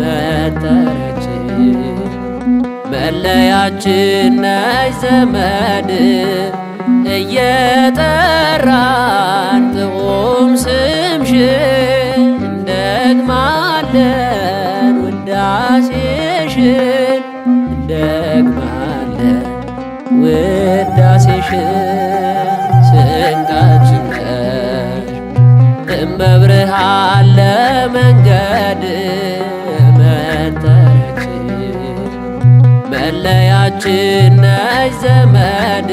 መጠረች መለያችን ነሽ ዘመን እየጠራን ጥዑም ስምሽን እንደግማለን ውዳሴሽን እንደግማለን ውዳሴሽን በብርሃን ለመንገድ መጠረችን መለያችን ዘመድ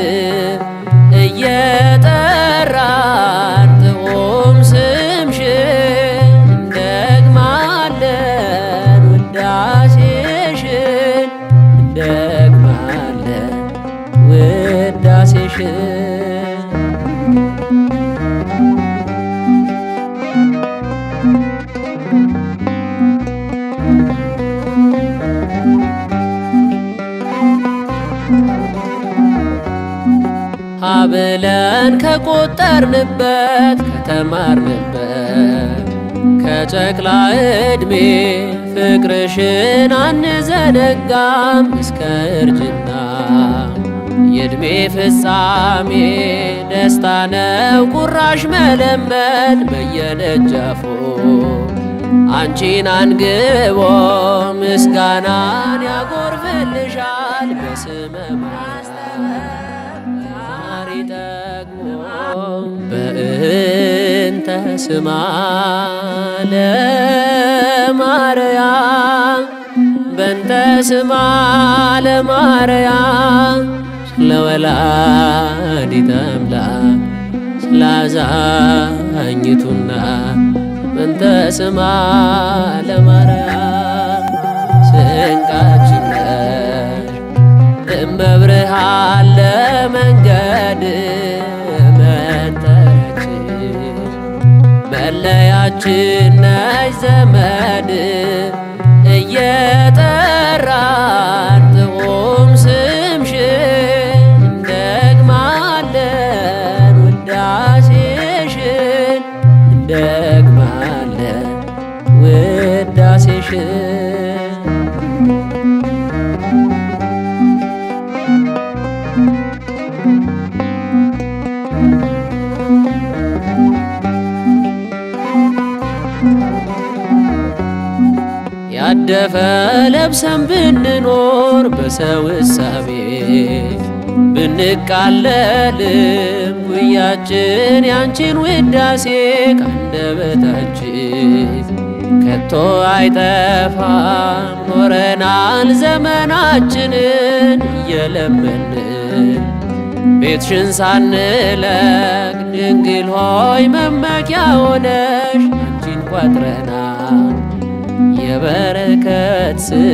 እየጠራን ጥዑም ስምሽን ውዳሴሽን ውዳሴሽን ብለን ከቆጠርንበት ከተማርንበት ከጨቅላ ዕድሜ ፍቅርሽን አንዘነጋም እስከ እርጅና የዕድሜ ፍጻሜ ደስታ ነው ቁራሽ መለመን በየደጃፉ አንቺን አንግቦ ምስጋናን ያጎርፍልሻል በስ እንተ ስማ ለማርያም በእንተ ስማ ለማርያም ስለ አምላክ ስለ አዛኝቱና ስማ ለማርያም ስንቃችን እመብርሃን ለመንገድ አባታችን ነሽ ዘመድ እየ ያለፈ ለብሰን ብንኖር በሰው እሳቤ ብንቃለልም ጉያችን ያንቺን ውዳሴ ካንደበታችን ከቶ አይጠፋም። ኖረናል ዘመናችንን እየለመን ቤትሽን ሳንለቅ ድንግል ሆይ መመኪያ ሆነሽ አንቺን ቋጥረናል። የበረከት ስም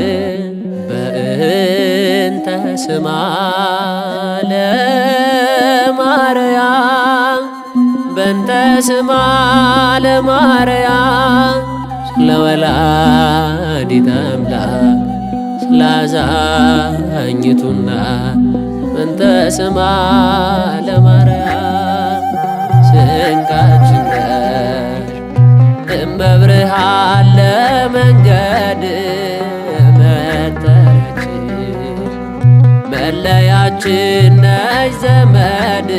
በእንተ ስማ ለማርያም በእንተ ስማ ለማርያም ስለወላዲተ አምላክ ስላዛኝቱና በእንተ ስማ ለማርያም ስንቃችን ነሽ እመብርሃን አንቺ ነሽ ዘመድ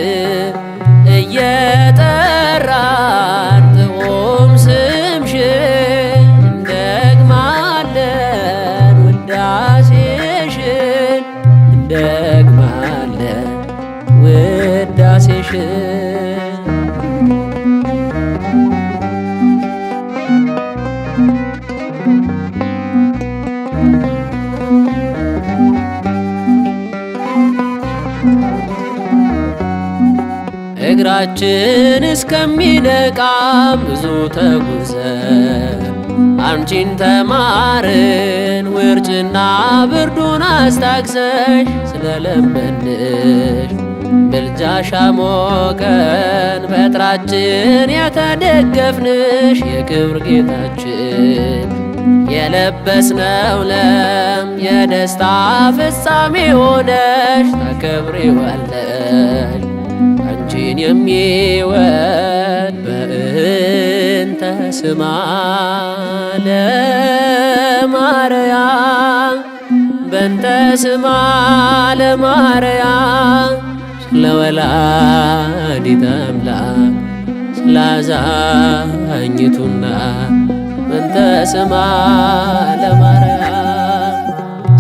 እግራችን እስከሚነቃም ብዙ ተጉዘን አንቺን ተማርን ውርጭና ብርዱን አስታግሰሽ ስለለመንሽ ምልጃሽ አሞቀን በጥራችን የተደገፍንሽ የክብር ጌታችን የለበስነው ለም የደስታ ፍጻሜ ሆነሽ ታከብሬዋለን አንተን የሚወድ በእንተ ስማ ለማርያም በእንተ ስማ ለማርያም ስለወላዲተ አምላክ ስላዛኝቱና በእንተ ስማ ለማርያም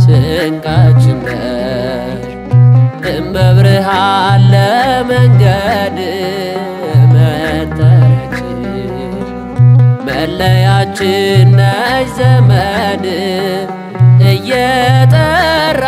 ስንቃችን ነሽ እመብርሃለ ጌታችን ነሽ ዘመን እየጠራ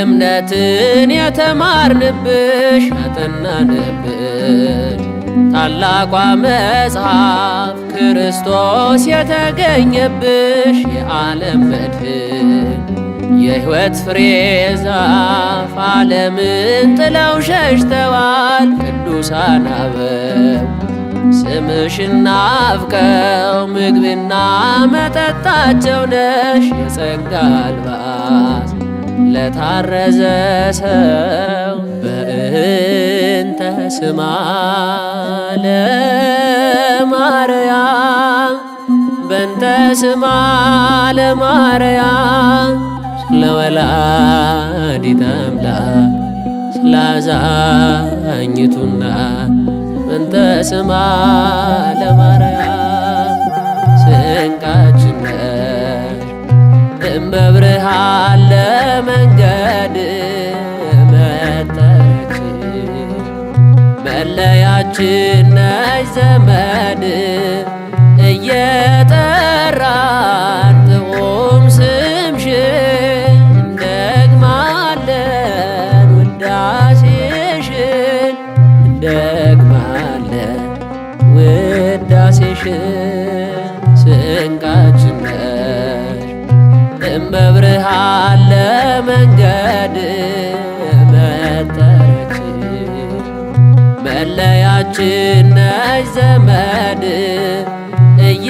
እምነትን የተማርንብሽ ያጠናንብሽ ታላቋ መጽሐፍ ክርስቶስ የተገኘብሽ የዓለም መድህን የሕይወት ፍሬ ዛፍ ዓለምን ጥለው ሸሽተዋል ቅዱሳን አበው ስምሽና ናፍቀው ምግብና መጠጣቸው ነሽ የጸጋ አልባ የታረዘ ሰው በእንተ ስማ ለማርያም በእንተ ስማ ለማርያም ስለወላዲተ አምላክ ስላዛኝቱና በእንተ ስማ ለማርያም ስንቃ በብርሃን ለመንገድ መጠች መለያችን ነች ዘመድ እየጠራን ጥዑም ስምሽን እንደግማለን ውዳሴሽን እንደግማለን ውዳሴሽን ስንቃ ሰጥተሃል መንገድ መተረችን መለያችን ዘመድ እየ